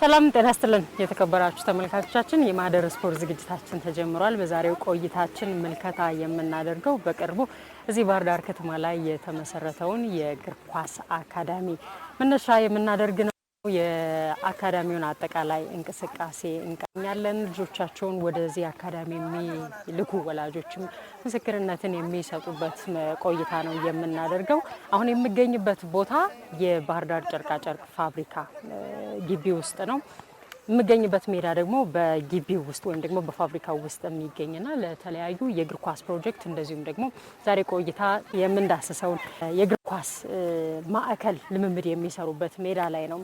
ሰላም ጤና ይስጥልን የተከበራችሁ ተመልካቾቻችን፣ የማህደር ስፖርት ዝግጅታችን ተጀምሯል። በዛሬው ቆይታችን ምልከታ የምናደርገው በቅርቡ እዚህ ባህር ዳር ከተማ ላይ የተመሰረተውን የእግር ኳስ አካዳሚ መነሻ የምናደርግ ነው። የአካዳሚውን አጠቃላይ እንቅስቃሴ እንቃኛለን። ልጆቻቸውን ወደዚህ አካዳሚ የሚልኩ ወላጆችም ምስክርነትን የሚሰጡበት ቆይታ ነው የምናደርገው። አሁን የምገኝበት ቦታ የባህር ዳር ጨርቃጨርቅ ፋብሪካ ግቢ ውስጥ ነው። የምገኝበት ሜዳ ደግሞ በጊቢ ውስጥ ወይም ደግሞ በፋብሪካው ውስጥ የሚገኝና ለተለያዩ የእግር ኳስ ፕሮጀክት እንደዚሁም ደግሞ ዛሬ ቆይታ የምንዳስሰውን የእግር ኳስ ማዕከል ልምምድ የሚሰሩበት ሜዳ ላይ ነው።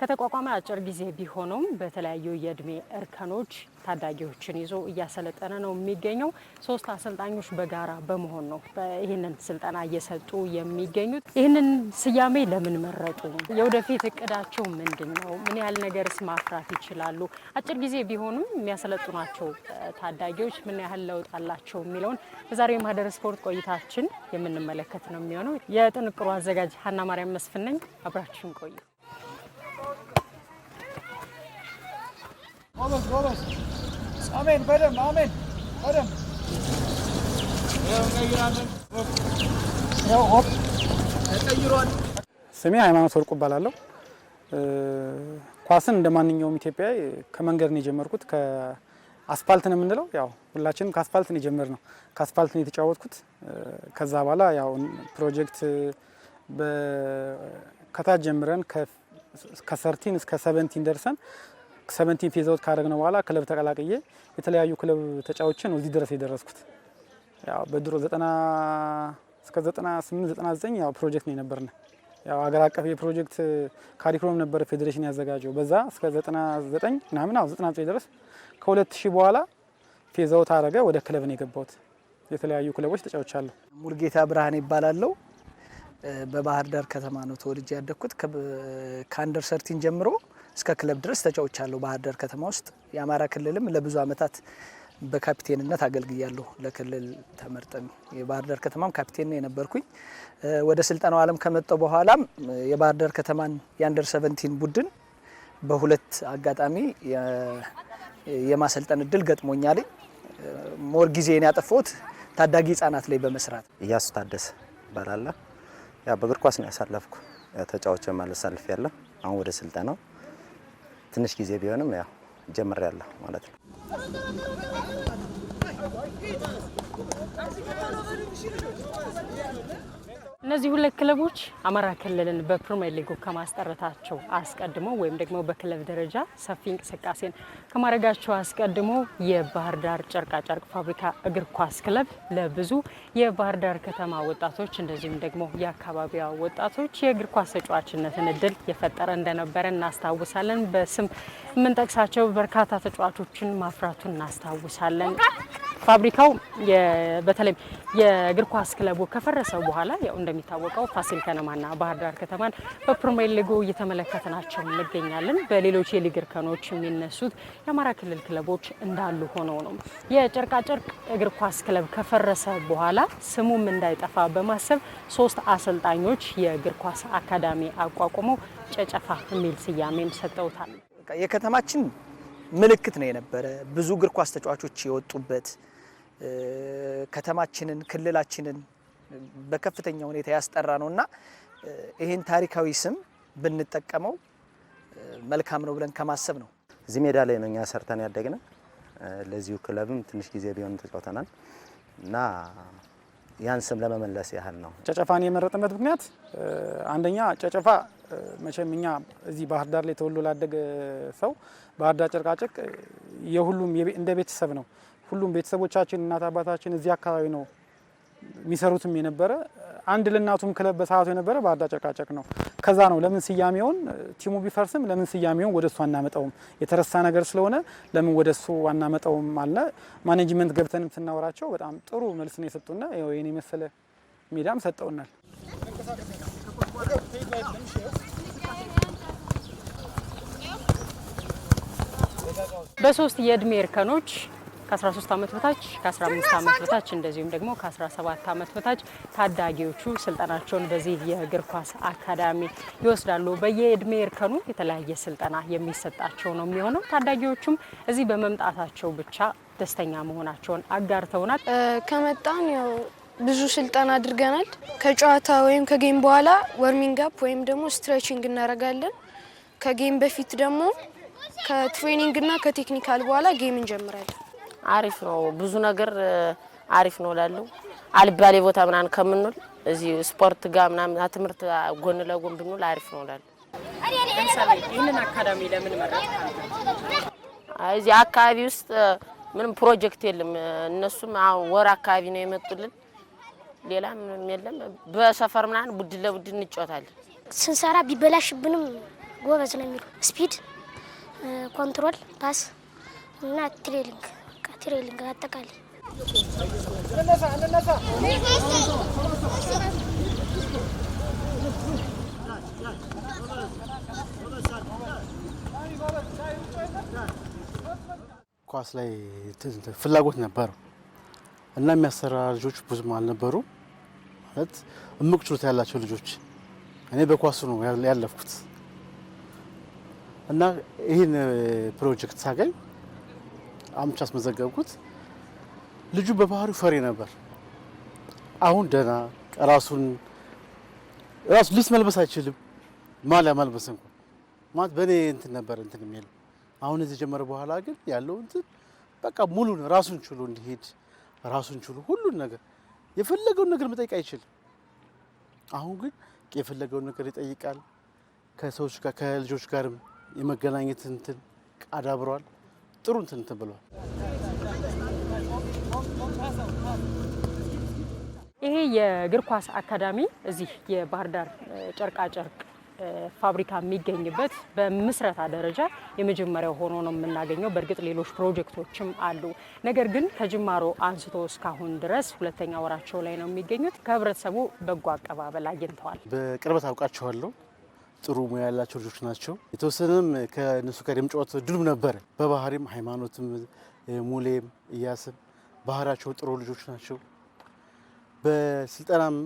ከተቋቋመ አጭር ጊዜ ቢሆነውም በተለያዩ የእድሜ እርከኖች ታዳጊዎችን ይዞ እያሰለጠነ ነው የሚገኘው። ሶስት አሰልጣኞች በጋራ በመሆን ነው ይህንን ስልጠና እየሰጡ የሚገኙት። ይህንን ስያሜ ለምን መረጡ? የወደፊት እቅዳቸው ምንድን ነው? ምን ያህል ነገርስ ማፍራት ይችላሉ? አጭር ጊዜ ቢሆንም የሚያሰለጥኗቸው ታዳጊዎች ምን ያህል ለውጥ አላቸው የሚለውን በዛሬ የማህደረ ስፖርት ቆይታችን የምንመለከት ነው የሚሆነው። የጥንቅሩ አዘጋጅ ሀና ማርያም መስፍን ነኝ። አብራችን ቆዩ። ጎበዝ ጎበዝ። አሜን። በደንብ አሜን። በደንብ ስሜ ሃይማኖት ወርቁ እባላለሁ። ኳስን እንደ ማንኛውም ኢትዮጵያዊ ከመንገድ ነው የጀመርኩት። ከአስፋልት ነው የምንለው፣ ያው ሁላችንም ከአስፋልት ነው የጀመርነው። ከአስፋልት ነው የተጫወትኩት። ከዛ በኋላ ያው ፕሮጀክት ከታች ጀምረን ከሰርቲን እስከ ሰቨንቲን ደርሰን ሰቨንቲን ፌዝ አውት ካደረግነው በኋላ ክለብ ተቀላቅዬ የተለያዩ ክለብ ተጫዎችን ነው እዚህ ድረስ የደረስኩት። ያው በድሮ ዘጠና እስከ ዘጠና ስምንት ዘጠና ዘጠኝ ያው ፕሮጀክት ነው የነበርን። ያው ሀገር አቀፍ የፕሮጀክት ካሪኩለም ነበር ፌዴሬሽን ያዘጋጀው። በዛ እስከ ዘጠና ዘጠኝ ምናምን አዎ ዘጠና ዘጠኝ ድረስ ከሁለት ሺህ በኋላ ፌዝ አውት አደረገ። ወደ ክለብ ነው የገባሁት። የተለያዩ ክለቦች ተጫዎች ተጫውቻለሁ። ሙልጌታ ብርሃን ይባላለው። በባህር ዳር ከተማ ነው ተወልጄ ያደግኩት። ከአንደር ሰርቲን ጀምሮ እስከ ክለብ ድረስ ተጫውቻለሁ ባህር ዳር ከተማ ውስጥ። የአማራ ክልልም ለብዙ ዓመታት በካፒቴንነት አገልግያለሁ። ለክልል ተመርጠን የባህር ዳር ከተማም ካፒቴን ነው የነበርኩኝ። ወደ ስልጠናው ዓለም ከመጣው በኋላም የባህር ዳር ከተማን የአንደር ሰቨንቲን ቡድን በሁለት አጋጣሚ የማሰልጠን እድል ገጥሞኛል። ሞር ጊዜን ያጠፋሁት ታዳጊ ህጻናት ላይ በመስራት እያሱ ታደሰ እባላለሁ። ያ በእግር ኳስ ነው ያሳለፍኩ ተጫዋች ማለት ሳልፍ ያለ አሁን ወደ ስልጠናው ትንሽ ጊዜ ቢሆንም ያው ጀምሬያለሁ ማለት ነው። እነዚህ ሁለት ክለቦች አማራ ክልልን በፕሪሚየር ሊጉ ከማስጠረታቸው አስቀድሞ ወይም ደግሞ በክለብ ደረጃ ሰፊ እንቅስቃሴን ከማድረጋቸው አስቀድሞ የባህር ዳር ጨርቃጨርቅ ፋብሪካ እግር ኳስ ክለብ ለብዙ የባህር ዳር ከተማ ወጣቶች እንደዚሁም ደግሞ የአካባቢዋ ወጣቶች የእግር ኳስ ተጫዋችነትን እድል የፈጠረ እንደነበረ እናስታውሳለን። በስም የምንጠቅሳቸው በርካታ ተጫዋቾችን ማፍራቱን እናስታውሳለን። ፋብሪካው በተለይ የእግር ኳስ ክለቡ ከፈረሰ በኋላ ያው እንደሚታወቀው ፋሲል ከነማና ባህር ዳር ከተማን በፕሪሚየር ሊጉ እየተመለከትናቸው እንገኛለን። በሌሎች የሊግ እርከኖች የሚነሱት የአማራ ክልል ክለቦች እንዳሉ ሆነው ነው። የጨርቃጨርቅ እግር ኳስ ክለብ ከፈረሰ በኋላ ስሙም እንዳይጠፋ በማሰብ ሶስት አሰልጣኞች የእግር ኳስ አካዳሚ አቋቁመው ጨጨፋ የሚል ስያሜም ሰጠውታል። የከተማችን ምልክት ነው የነበረ ብዙ እግር ኳስ ተጫዋቾች የወጡበት ከተማችንን ክልላችንን በከፍተኛ ሁኔታ ያስጠራ ነው እና ይህን ታሪካዊ ስም ብንጠቀመው መልካም ነው ብለን ከማሰብ ነው። እዚህ ሜዳ ላይ ነው እኛ ሰርተን ያደግነ። ለዚሁ ክለብም ትንሽ ጊዜ ቢሆን ተጫውተናል እና ያን ስም ለመመለስ ያህል ነው። ጨጨፋን የመረጥንበት ምክንያት አንደኛ ጨጨፋ መቼም እኛ እዚህ ባህር ዳር ላይ ተወልዶ ላደገ ሰው ባህር ዳር ጨርቃጨርቅ የሁሉም እንደ ቤተሰብ ነው። ሁሉም ቤተሰቦቻችን እናት አባታችን እዚህ አካባቢ ነው የሚሰሩትም የነበረ አንድ ለእናቱም ክለብ በሰዓቱ የነበረ ባዳ ጨቃጨቅ ነው። ከዛ ነው ለምን ስያሜውን ቲሙ ቢፈርስም ለምን ስያሜውን ወደ እሱ አናመጣውም የተረሳ ነገር ስለሆነ ለምን ወደ እሱ አናመጣውም አለ። ማኔጅመንት ገብተንም ስናወራቸው በጣም ጥሩ መልስ ነው የሰጡና ይህን የመሰለ ሜዳም ሰጠውናል። በሶስት የእድሜ እርከኖች ከ13 ዓመት በታች ከ15 ዓመት በታች እንደዚሁም ደግሞ ከ17 ዓመት በታች ታዳጊዎቹ ስልጠናቸውን በዚህ የእግር ኳስ አካዳሚ ይወስዳሉ። በየእድሜ እርከኑ የተለያየ ስልጠና የሚሰጣቸው ነው የሚሆነው። ታዳጊዎቹም እዚህ በመምጣታቸው ብቻ ደስተኛ መሆናቸውን አጋርተውናል። ከመጣን ያው ብዙ ስልጠና አድርገናል። ከጨዋታ ወይም ከጌም በኋላ ወርሚንግ አፕ ወይም ደግሞ ስትሬችንግ እናደርጋለን። ከጌም በፊት ደግሞ ከትሬኒንግና ከቴክኒካል በኋላ ጌም እንጀምራለን። አሪፍ ነው። ብዙ ነገር አሪፍ ነው ላለው አልባሌ ቦታ ምናምን ከምንል እዚህ ስፖርት ጋር ምናምን ትምህርት ጎን ለጎን ብንል አሪፍ ነው ላለው። ይህንን አካዳሚ ለምን መረጥ? እዚህ አካባቢ ውስጥ ምንም ፕሮጀክት የለም። እነሱም አሁን ወር አካባቢ ነው የመጡልን። ሌላ ምንም የለም። በሰፈር ምናምን ቡድን ለቡድን እንጫወታለን። ስንሰራ ቢበላሽብንም ጎበዝ ነው የሚሉ ስፒድ፣ ኮንትሮል፣ ፓስ እና ትሬሊንግ ትሬሊንግ አጠቃላይ ኳስ ላይ ፍላጎት ነበረው እና የሚያሰራ ልጆች ብዙም አልነበሩ። ማለት እምቅ ችሎታ ያላቸው ልጆች እኔ በኳሱ ነው ያለፍኩት እና ይህን ፕሮጀክት ሳገኝ አምቻ አስመዘገብኩት። ልጁ በባህሪው ፈሪ ነበር። አሁን ደህና ራሱን ራሱ ልብስ መልበስ አይችልም። ማሊያ መልበስ እንኳን ማለት በእኔ እንትን ነበር እንትን የሚል አሁን እዚህ ጀመረ። በኋላ ግን ያለው እንትን በቃ ሙሉ ራሱን ችሎ እንዲሄድ ራሱን ችሎ ሁሉን ነገር የፈለገውን ነገር መጠየቅ አይችልም። አሁን ግን የፈለገውን ነገር ይጠይቃል። ከሰዎች ጋር ከልጆች ጋርም የመገናኘት እንትን አዳብሯል። ጥሩ እንትን እንትን ይሄ የእግር ኳስ አካዳሚ እዚህ የባህር ዳር ጨርቃጨርቅ ፋብሪካ የሚገኝበት በምስረታ ደረጃ የመጀመሪያው ሆኖ ነው የምናገኘው። በእርግጥ ሌሎች ፕሮጀክቶችም አሉ። ነገር ግን ከጅማሮ አንስቶ እስካሁን ድረስ ሁለተኛ ወራቸው ላይ ነው የሚገኙት። ከህብረተሰቡ በጎ አቀባበል አግኝተዋል። በቅርበት አውቃቸዋለሁ። ጥሩ ሙያ ያላቸው ልጆች ናቸው። የተወሰነም ከእነሱ ጋር የምጫወት ድሉም ነበረ። በባህሪም ሃይማኖትም፣ ሙሌም እያስም ባህሪያቸው ጥሩ ልጆች ናቸው። በስልጠናም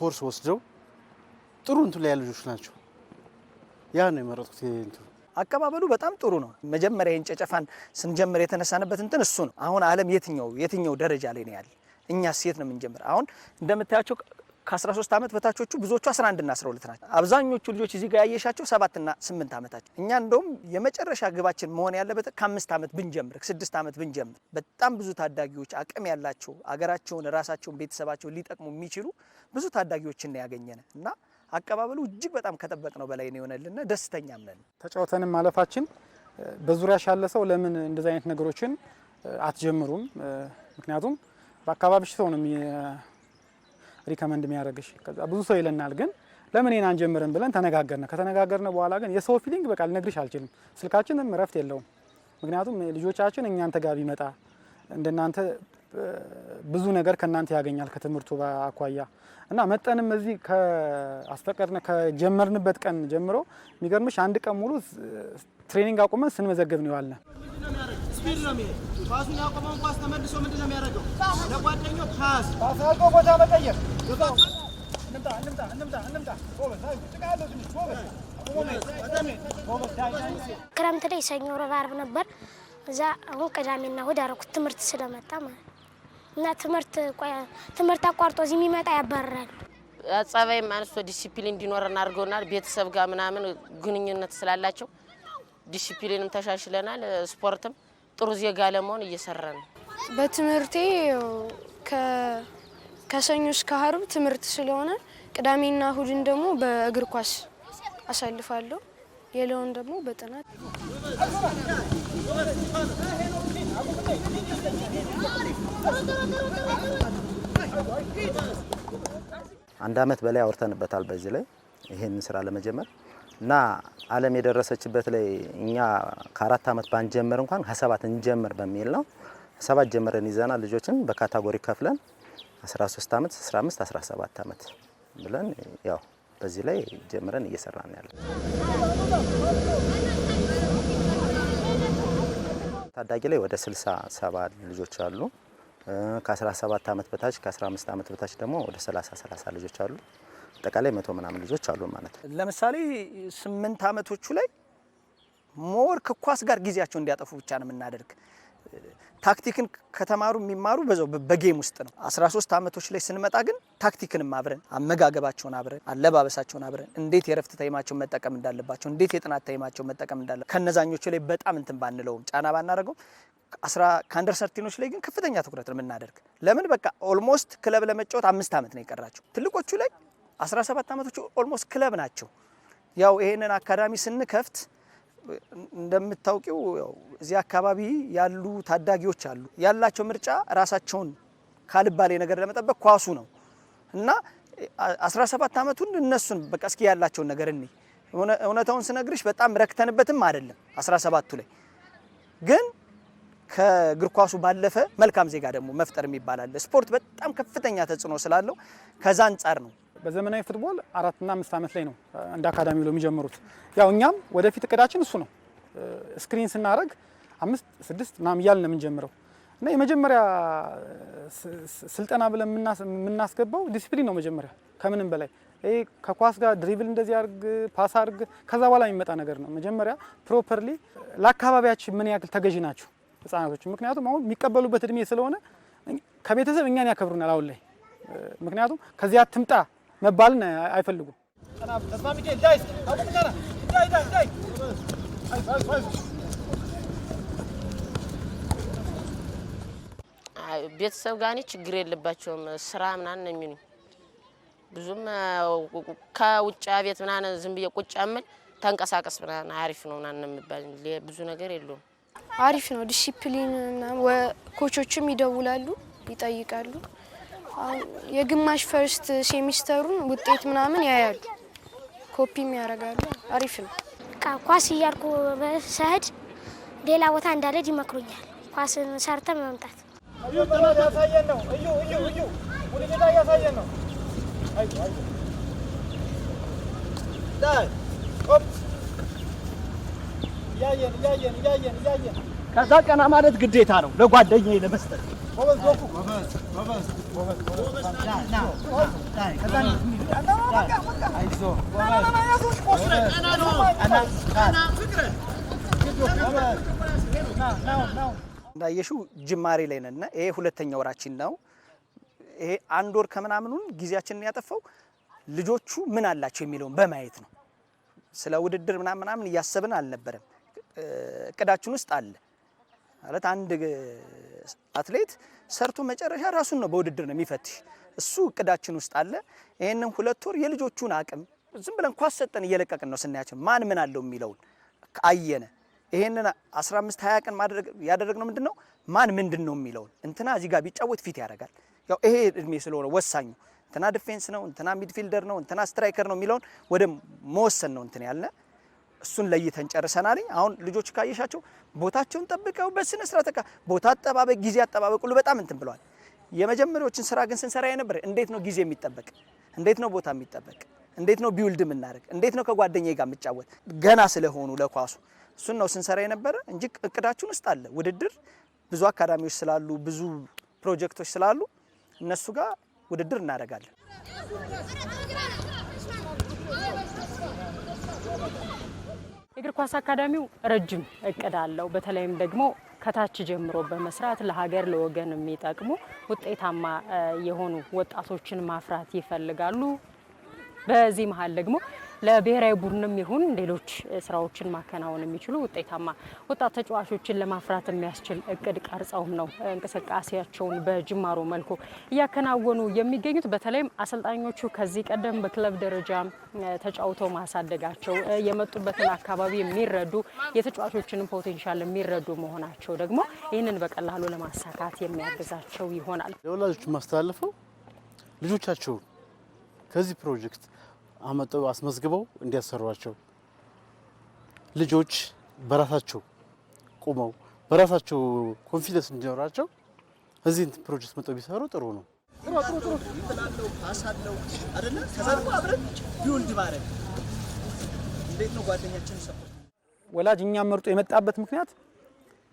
ኮርስ ወስደው ጥሩ እንትን ላይ ያሉ ልጆች ናቸው። ያ ነው የመረጥኩት። እንቱ አቀባበሉ በጣም ጥሩ ነው። መጀመሪያ ይህን ጨጨፋን ስንጀምር የተነሳንበት እንትን እሱ ነው። አሁን ዓለም የትኛው የትኛው ደረጃ ላይ ነው ያለ? እኛ ሴት ነው የምንጀምር? አሁን እንደምታያቸው ከ13 ዓመት በታቾቹ ብዙዎቹ 11 እና 12 ናቸው። አብዛኞቹ ልጆች እዚህ ጋር ያየሻቸው 7 እና 8 ዓመታቸው። እኛ እንደውም የመጨረሻ ግባችን መሆን ያለበት ከአምስት ዓመት ብንጀምር ስድስት ዓመት ብንጀምር በጣም ብዙ ታዳጊዎች አቅም ያላቸው አገራቸውን፣ ራሳቸውን፣ ቤተሰባቸውን ሊጠቅሙ የሚችሉ ብዙ ታዳጊዎችን ነው ያገኘነ እና አቀባበሉ እጅግ በጣም ከጠበቅነው በላይ ነው የሆነልና ደስተኛም ነን። ተጫውተንም ማለፋችን በዙሪያሽ ያለ ሰው ለምን እንደዚህ አይነት ነገሮችን አትጀምሩም? ምክንያቱም በአካባቢሽ ሰው ነው ሪከመንድ የሚያደርግሽ። ከዛ ብዙ ሰው ይለናል፣ ግን ለምን ይሄን አንጀምርም ብለን ተነጋገርነ። ከተነጋገርነ በኋላ ግን የሰው ፊሊንግ በቃ ልነግርሽ አልችልም። ስልካችንም እረፍት የለውም። ምክንያቱም ልጆቻችን እኛንተ ጋር ቢመጣ እንደናንተ ብዙ ነገር ከእናንተ ያገኛል ከትምህርቱ አኳያ እና መጠንም እዚህ ከአስፈቀድነ ከጀመርንበት ቀን ጀምሮ የሚገርምሽ አንድ ቀን ሙሉ ትሬኒንግ አቁመን ስንመዘግብ ነው ያለ። ስፒድ ነው የሚሄድ ኳሱን ያቆመውን ኳስ ተመልሶ ምንድን ነው የሚያደርገው? ለጓደኛው ፓስ ቦታ መቀየር ክረምት ላይ ሰኞ፣ ረብ አርብ ነበር። እዛ አሁን ቅዳሜና እሑድ አደረኩት ትምህርት ስለመጣ ማለት እና ትምህርት አቋርጦ እዚህ የሚመጣ ያባረራል። ጸባይም አንስቶ ዲሲፕሊን እንዲኖረን አድርገውናል። ቤተሰብ ጋር ምናምን ግንኙነት ስላላቸው ዲሲፕሊንም ተሻሽለናል። ስፖርትም ጥሩ ዜጋ ለመሆን እየሰራ ነው። በትምህርቴ ከሰኞ እስከ አርብ ትምህርት ስለሆነ ቅዳሜና እሁድን ደግሞ በእግር ኳስ አሳልፋለሁ። ሌላውን ደግሞ በጥናት አንድ አመት በላይ አውርተንበታል በዚህ ላይ ይህን ስራ ለመጀመር እና ዓለም የደረሰችበት ላይ እኛ ከአራት አመት ባንጀምር እንኳን ከሰባት እንጀምር በሚል ነው። ሰባት ጀምረን ይዘናል። ልጆችን በካታጎሪ ከፍለን 13 ዓመት 15 17 ዓመት ብለን ያው በዚህ ላይ ጀምረን እየሰራን ያለ ታዳጊ ላይ ወደ 67 ልጆች አሉ። ከ17 ዓመት በታች ከ15 ዓመት በታች ደግሞ ወደ 30 30 ልጆች አሉ። አጠቃላይ መቶ ምናምን ልጆች አሉ ማለት ነው። ለምሳሌ ስምንት ዓመቶቹ ላይ ሞር ከኳስ ጋር ጊዜያቸው እንዲያጠፉ ብቻ ነው የምናደርግ ታክቲክን ከተማሩ የሚማሩ በዛው በጌም ውስጥ ነው። 13 ዓመቶች ላይ ስንመጣ ግን ታክቲክንም አብረን አመጋገባቸውን አብረን አለባበሳቸውን አብረን እንዴት የረፍት ተይማቸውን መጠቀም እንዳለባቸው እንዴት የጥናት ታይማቸውን መጠቀም እንዳለ ከነዛኞቹ ላይ በጣም እንትን ባንለውም ጫና ባናደረገውም ከአንደር ሰርቲኖች ላይ ግን ከፍተኛ ትኩረት ነው የምናደርግ። ለምን በቃ ኦልሞስት ክለብ ለመጫወት አምስት ዓመት ነው የቀራቸው። ትልቆቹ ላይ 17 ዓመቶቹ ኦልሞስት ክለብ ናቸው። ያው ይሄንን አካዳሚ ስንከፍት እንደምታውቂው እዚህ አካባቢ ያሉ ታዳጊዎች አሉ። ያላቸው ምርጫ ራሳቸውን ካልባሌ ነገር ለመጠበቅ ኳሱ ነው እና 17 ዓመቱን እነሱን በቃ እስኪ ያላቸውን ነገር እኔ እውነታውን ስነግርሽ በጣም ረክተንበትም አይደለም 17ቱ ላይ ግን ከእግር ኳሱ ባለፈ መልካም ዜጋ ደግሞ መፍጠር የሚባል አለ። ስፖርት በጣም ከፍተኛ ተጽዕኖ ስላለው ከዛ አንጻር ነው በዘመናዊ ፉትቦል አራትና አምስት ዓመት ላይ ነው እንደ አካዳሚ ብለው የሚጀምሩት። ያው እኛም ወደፊት እቅዳችን እሱ ነው። ስክሪን ስናደርግ አምስት ስድስት ምናምን እያልን ነው የምንጀምረው እና የመጀመሪያ ስልጠና ብለን የምናስገባው ዲሲፕሊን ነው። መጀመሪያ ከምንም በላይ ይሄ ከኳስ ጋር ድሪብል እንደዚህ አርግ፣ ፓስ አርግ፣ ከዛ በኋላ የሚመጣ ነገር ነው። መጀመሪያ ፕሮፐርሊ ለአካባቢያችን ምን ያክል ተገዢ ናቸው ህጻናቶች። ምክንያቱም አሁን የሚቀበሉበት እድሜ ስለሆነ ከቤተሰብ እኛን ያከብሩናል አሁን ላይ ምክንያቱም ከዚያ ትምጣ? መባልን አይፈልጉም። ቤተሰብ ጋር እኔ ችግር የለባቸውም። ስራ ምናምን ነው የሚሉኝ። ብዙም ከውጭ ቤት ምናምን ዝም ብዬ ቁጭ አምል ተንቀሳቀስ ምናምን አሪፍ ነው ምናምን የሚባል ብዙ ነገር የለውም። አሪፍ ነው ዲሲፕሊን። ኮቾችም ይደውላሉ፣ ይጠይቃሉ የግማሽ ፈርስት ሴሚስተሩን ውጤት ምናምን ያያሉ፣ ኮፒም ያደርጋሉ። አሪፍ ነው። ኳስ እያልኩ ስሄድ ሌላ ቦታ እንዳልሄድ ይመክሩኛል። ኳስን ሰርተ መምጣት እያሳየን ነው ነው ከዛ ቀና ማለት ግዴታ ነው ለጓደኛዬ ለመስጠት እንዳየሽው ጅማሬ ላይ ነን እና ይሄ ሁለተኛ ወራችን ነው። ይሄ አንድ ወር ከምናምኑን ጊዜያችንን ያጠፋው ልጆቹ ምን አላቸው የሚለውን በማየት ነው። ስለ ውድድር ምናምን ምናምን እያሰብን አልነበረም። እቅዳችን ውስጥ አለ ማለት አንድ አትሌት ሰርቶ መጨረሻ ራሱን ነው በውድድር ነው የሚፈትሽ። እሱ እቅዳችን ውስጥ አለ። ይህንን ሁለት ወር የልጆቹን አቅም ዝም ብለን ኳስ ሰጠን እየለቀቅን ነው ስናያቸው ማን ምን አለው የሚለውን አየነ። ይህንን 15 20 ቀን ማድረግ ያደረግነው ምንድን ነው ማን ምንድን ነው የሚለውን እንትና እዚህ ጋር ቢጫወት ፊት ያደርጋል። ያው ይሄ እድሜ ስለሆነ ወሳኙ እንትና ዲፌንስ ነው፣ እንትና ሚድፊልደር ነው፣ እንትና ስትራይከር ነው የሚለውን ወደ መወሰን ነው እንትን ያለ? እሱን ለይተን ጨርሰናል። አሁን ልጆች ካየሻቸው ቦታቸውን ጠብቀው በስነ ስርዓት ቦታ አጠባበቅ ጊዜ አጠባበቁሉ በጣም እንትን ብለዋል። የመጀመሪያዎችን ስራ ግን ስንሰራ የነበረ እንዴት ነው ጊዜ የሚጠበቅ፣ እንዴት ነው ቦታ የሚጠበቅ፣ እንዴት ነው ቢውልድ የምናደርግ፣ እንዴት ነው ከጓደኛ ጋር የምጫወት ገና ስለሆኑ ለኳሱ እሱን ነው ስንሰራ የነበረ እንጂ እቅዳችን ውስጥ አለ ውድድር ብዙ አካዳሚዎች ስላሉ ብዙ ፕሮጀክቶች ስላሉ እነሱ ጋር ውድድር እናደርጋለን። የእግር ኳስ አካዳሚው ረጅም እቅድ አለው። በተለይም ደግሞ ከታች ጀምሮ በመስራት ለሀገር ለወገን የሚጠቅሙ ውጤታማ የሆኑ ወጣቶችን ማፍራት ይፈልጋሉ። በዚህ መሀል ደግሞ ለብሔራዊ ቡድንም ይሁን ሌሎች ስራዎችን ማከናወን የሚችሉ ውጤታማ ወጣት ተጫዋቾችን ለማፍራት የሚያስችል እቅድ ቀርጸውም ነው እንቅስቃሴያቸውን በጅማሮ መልኩ እያከናወኑ የሚገኙት። በተለይም አሰልጣኞቹ ከዚህ ቀደም በክለብ ደረጃ ተጫውተው ማሳደጋቸው የመጡበትን አካባቢ የሚረዱ የተጫዋቾችንም ፖቴንሻል የሚረዱ መሆናቸው ደግሞ ይህንን በቀላሉ ለማሳካት የሚያግዛቸው ይሆናል። ለወላጆች ማስተላለፈው ልጆቻቸው ከዚህ ፕሮጀክት አመጠው አስመዝግበው እንዲያሰሯቸው ልጆች በራሳቸው ቁመው በራሳቸው ኮንፊደንስ እንዲኖራቸው እዚህ ፕሮጀክት መጥተው ቢሰሩ ጥሩ ነው። ወላጅ እኛ መርጦ የመጣበት ምክንያት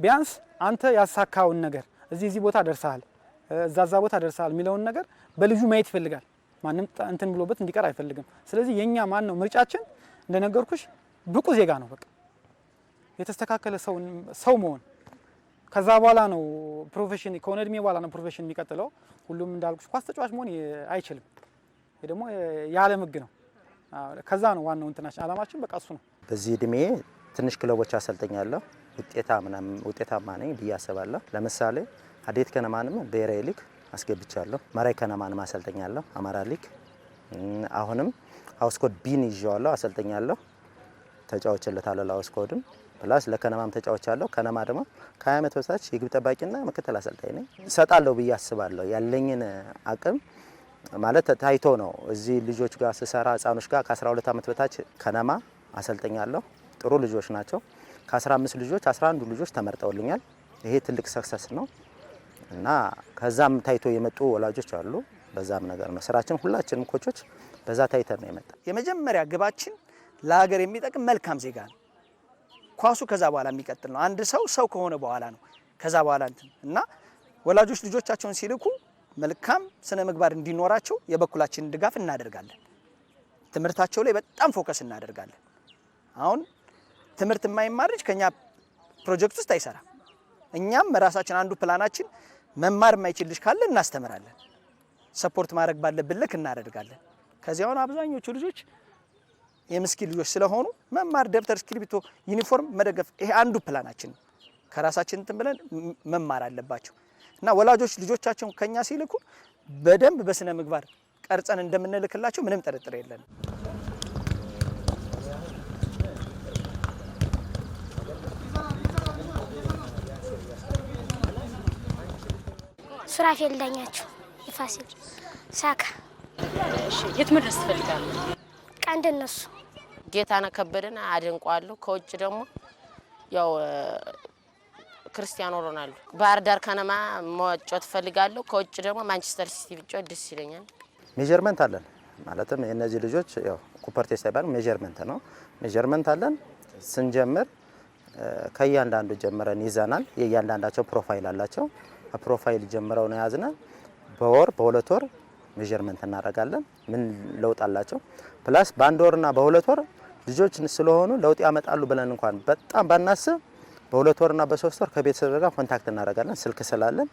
ቢያንስ አንተ ያሳካውን ነገር እዚህ እዚህ ቦታ ደርሰሃል፣ እዛዛ ቦታ ደርሰሃል የሚለውን ነገር በልጁ ማየት ይፈልጋል። ማንም እንትን ብሎበት እንዲቀር አይፈልግም። ስለዚህ የኛ ማን ነው ምርጫችን? እንደነገርኩሽ ብቁ ዜጋ ነው። በቃ የተስተካከለ ሰው ሰው መሆን ከዛ በኋላ ነው ፕሮፌሽን ከሆነ እድሜ በኋላ ነው ፕሮፌሽን የሚቀጥለው። ሁሉም እንዳልኩሽ ኳስ ተጫዋች መሆን አይችልም። ይሄ ደግሞ ያለ ምግ ነው። ከዛ ነው ዋናው እንትናችን አላማችን በቃ እሱ ነው። በዚህ እድሜ ትንሽ ክለቦች አሰልጠኛለሁ ውጤታ ምናምን ውጤታማ ነኝ ብዬ አስባለሁ። ለምሳሌ አዴት ከነማንም ብሔራዊ ሊግ አስገብቻለሁ። መራዊ ከነማን ማሰልጠኛለሁ። አማራ ሊግ አሁንም ሀውስኮድ ቢን ይዤዋለሁ፣ አሰልጠኛለሁ። ተጫውቼለታለሁ ለሀውስኮድም ፕላስ ለከነማም አለው ከነማ ደግሞ ከ20 ዓመት በታች የግብ ጠባቂና ምክትል አሰልጣኝ ነኝ። እሰጣለሁ ብዬ አስባለሁ። ያለኝን አቅም ማለት ታይቶ ነው። እዚህ ልጆች ጋር ስሰራ ህፃኖች ጋር ከ12 ዓመት በታች ከነማ አሰልጠኛለሁ። ጥሩ ልጆች ናቸው። ከ15 ልጆች 11 ልጆች ተመርጠውልኛል። ይሄ ትልቅ ሰክሰስ ነው። እና ከዛም ታይቶ የመጡ ወላጆች አሉ። በዛም ነገር ነው ስራችን፣ ሁላችንም ኮቾች በዛ ታይተን ነው የመጣ። የመጀመሪያ ግባችን ለሀገር የሚጠቅም መልካም ዜጋ ነው። ኳሱ ከዛ በኋላ የሚቀጥል ነው። አንድ ሰው ሰው ከሆነ በኋላ ነው ከዛ በኋላ እንትን እና ወላጆች ልጆቻቸውን ሲልኩ መልካም ስነ ምግባር እንዲኖራቸው የበኩላችንን ድጋፍ እናደርጋለን። ትምህርታቸው ላይ በጣም ፎከስ እናደርጋለን። አሁን ትምህርት የማይማር ልጅ ከኛ ፕሮጀክት ውስጥ አይሰራም። እኛም ራሳችን አንዱ ፕላናችን መማር የማይችል ልጅ ካለ እናስተምራለን። ሰፖርት ማድረግ ባለብን ልክ እናደርጋለን። ከዚያ አሁን አብዛኞቹ ልጆች የምስኪን ልጆች ስለሆኑ መማር፣ ደብተር፣ እስክሪብቶ፣ ዩኒፎርም መደገፍ ይሄ አንዱ ፕላናችን ነው። ከራሳችን እንትን ብለን መማር አለባቸው እና ወላጆች ልጆቻቸውን ከኛ ሲልኩ በደንብ በስነ ምግባር ቀርጸን እንደምንልክላቸው ምንም ጥርጥር የለንም። ሱራፌል ዳኛቸው የፋሲል ሳካ። የት መድረስ ትፈልጋለህ? በቃ እንደነሱ ጌታነህ ከበደን አደንቋለሁ። ከውጭ ደግሞ ያው ክርስቲያኖ ሮናልዶ፣ ባህር ዳር ከነማ መጫወት እፈልጋለሁ። ከውጭ ደግሞ ማንቸስተር ሲቲ ብጫወት ደስ ይለኛል። ሜጀርመንት አለን ማለትም የእነዚህ ልጆች ያው ኩፐር ሳይባል ሜጀርመንት ነው። ሜጀርመንት አለን ስንጀምር ከእያንዳንዱ ጀምረን ይዘናል። የእያንዳንዳቸው ፕሮፋይል አላቸው። ፕሮፋይል ጀምረው ነው የያዝነ። በወር በሁለት ወር ሜዠርመንት እናደርጋለን። ምን ለውጥ አላቸው? ፕላስ በአንድ ወርና በሁለት ወር ልጆች ስለሆኑ ለውጥ ያመጣሉ ብለን እንኳን በጣም ባናስብ በሁለት ወርና በሶስት ወር ከቤተሰብ ጋር ኮንታክት እናደርጋለን። ስልክ ስላለን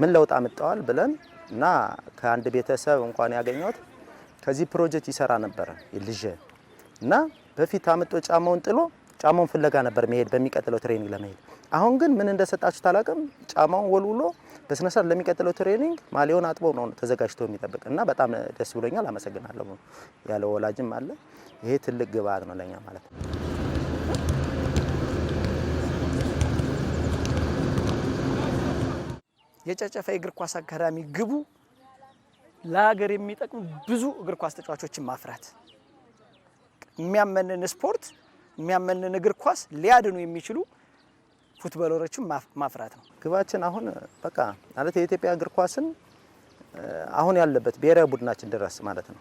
ምን ለውጥ አመጣዋል ብለን እና ከአንድ ቤተሰብ እንኳን ያገኘሁት ከዚህ ፕሮጀክት ይሰራ ነበረ ልጅ እና በፊት አምጦ ጫማውን ጥሎ ጫማውን ፍለጋ ነበር መሄድ በሚቀጥለው ትሬኒንግ ለመሄድ አሁን ግን ምን እንደሰጣችሁ ታላቅም ጫማውን ወልውሎ በስነስርዓት ለሚቀጥለው ትሬኒንግ ማሊዮን አጥቦ ነው ተዘጋጅቶ የሚጠብቅ እና በጣም ደስ ብሎኛል። አመሰግናለሁ ያለ ወላጅም አለ። ይሄ ትልቅ ግብአት ነው ለኛ ማለት ነው። የጨጨፋ እግር ኳስ አካዳሚ ግቡ ለሀገር የሚጠቅሙ ብዙ እግር ኳስ ተጫዋቾችን ማፍራት የሚያመንን ስፖርት የሚያመንን እግር ኳስ ሊያድኑ የሚችሉ ፉትቦለሮችን ማፍራት ነው ግባችን። አሁን በቃ ማለት የኢትዮጵያ እግር ኳስን አሁን ያለበት ብሔራዊ ቡድናችን ድረስ ማለት ነው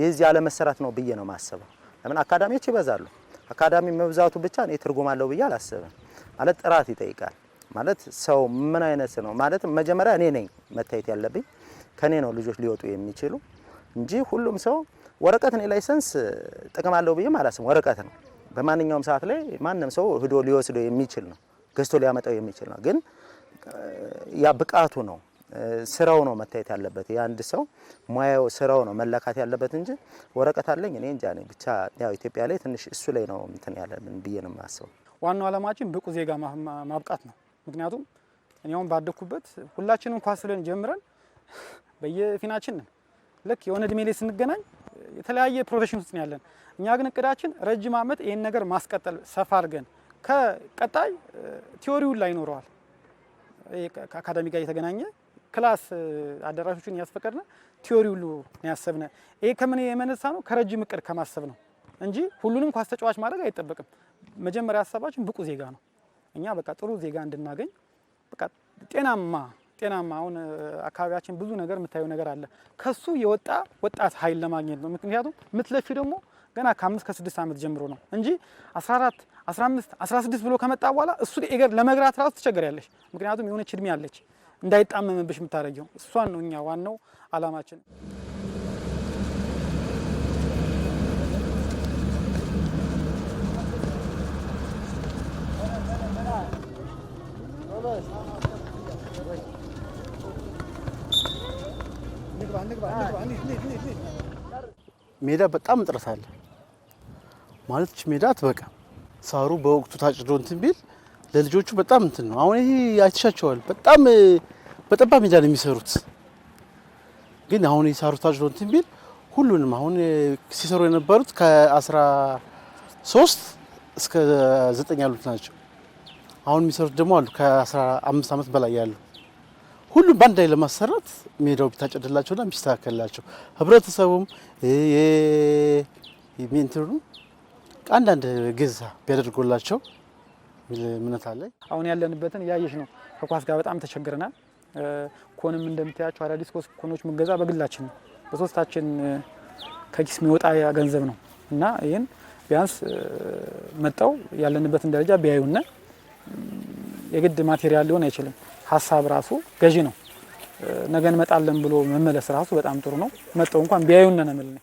የዚህ አለመሰራት ነው ብዬ ነው ማሰበው። ለምን አካዳሚዎች ይበዛሉ። አካዳሚ መብዛቱ ብቻ እኔ ትርጉም አለው ብዬ አላስብም? ማለት ጥራት ይጠይቃል። ማለት ሰው ምን አይነት ነው ማለት መጀመሪያ እኔ ነኝ መታየት ያለብኝ። ከኔ ነው ልጆች ሊወጡ የሚችሉ እንጂ ሁሉም ሰው ወረቀት ነው ላይሰንስ ጥቅም አለው ብዬም አላስብም። ወረቀት ነው በማንኛውም ሰዓት ላይ ማንም ሰው ሂዶ ሊወስደው የሚችል ነው። ገዝቶ ሊያመጣው የሚችል ነው። ግን ያ ብቃቱ ነው ስራው ነው መታየት ያለበት። የአንድ ሰው ሙያው ስራው ነው መለካት ያለበት እንጂ ወረቀት አለኝ እኔ እንጃ ነኝ ብቻ። ያው ኢትዮጵያ ላይ ትንሽ እሱ ላይ ነው እንትን ያለብን ብዬ ነው የማስበው። ዋናው አላማችን ብቁ ዜጋ ማብቃት ነው። ምክንያቱም እኔ አሁን ባደኩበት ሁላችንም ኳስ ብለን ጀምረን በየፊናችን ልክ የሆነ እድሜ ላይ ስንገናኝ የተለያየ ፕሮፌሽን ውስጥ ነው ያለን። እኛ ግን እቅዳችን ረጅም አመት ይህን ነገር ማስቀጠል ሰፋ አድርገን ከቀጣይ ቲዮሪውን ላይ ይኖረዋል። ከአካዳሚ ጋር የተገናኘ ክላስ አዳራሾችን እያስፈቀድነ ቲዮሪ ሁሉ ያሰብነ። ይሄ ከምን የመነሳ ነው? ከረጅም እቅድ ከማሰብ ነው እንጂ ሁሉንም ኳስ ተጫዋች ማድረግ አይጠበቅም። መጀመሪያ ሀሳባችን ብቁ ዜጋ ነው። እኛ በቃ ጥሩ ዜጋ እንድናገኝ በቃ ጤናማ ጤናማ አሁን አካባቢያችን ብዙ ነገር የምታየው ነገር አለ። ከሱ የወጣ ወጣት ኃይል ለማግኘት ነው። ምክንያቱም ምትለፊ ደግሞ ገና ከአምስት ከስድስት ዓመት ጀምሮ ነው እንጂ 14 15 16 ብሎ ከመጣ በኋላ እሱ እግር ለመግራት ራሱ ትቸገሪያለሽ። ምክንያቱም የሆነች እድሜ አለች እንዳይጣመምብሽ የምታደርጊው እሷን ነው። እኛ ዋናው አላማችን ሜዳ በጣም እጥረት አለ ማለት ሜዳ አትበቃም። ሳሩ በወቅቱ ታጭዶ እንትን ቢል ለልጆቹ በጣም እንትን ነው። አሁን ይሄ አይተሻቸዋል። በጣም በጠባብ ሜዳ ነው የሚሰሩት። ግን አሁን ይሄ ሳሩ ታጭዶ እንትን ቢል ሁሉንም አሁን ሲሰሩ የነበሩት ከአስራ ሶስት እስከ ዘጠኝ ያሉት ናቸው። አሁን የሚሰሩት ደግሞ አሉ ከአስራ አምስት ዓመት በላይ ያሉ ሁሉም በአንድ ላይ ለማሰራት ሜዳው ቢታጨድላቸውና ቢስተካከልላቸው ህብረተሰቡም አንዳንድ ግዛ ቢያደርጉላቸው እምነት አለ። አሁን ያለንበትን እያየሽ ነው። ከኳስ ጋር በጣም ተቸግረናል። ኮንም እንደምታያቸው አዳዲስ ኮኖች መገዛ በግላችን ነው በሶስታችን ከኪስ የሚወጣ ገንዘብ ነው እና ይህን ቢያንስ መጠው ያለንበትን ደረጃ ቢያዩነ የግድ ማቴሪያል ሊሆን አይችልም። ሀሳብ ራሱ ገዢ ነው። ነገ እንመጣለን ብሎ መመለስ ራሱ በጣም ጥሩ ነው። መጠው እንኳን ቢያዩነ ነምል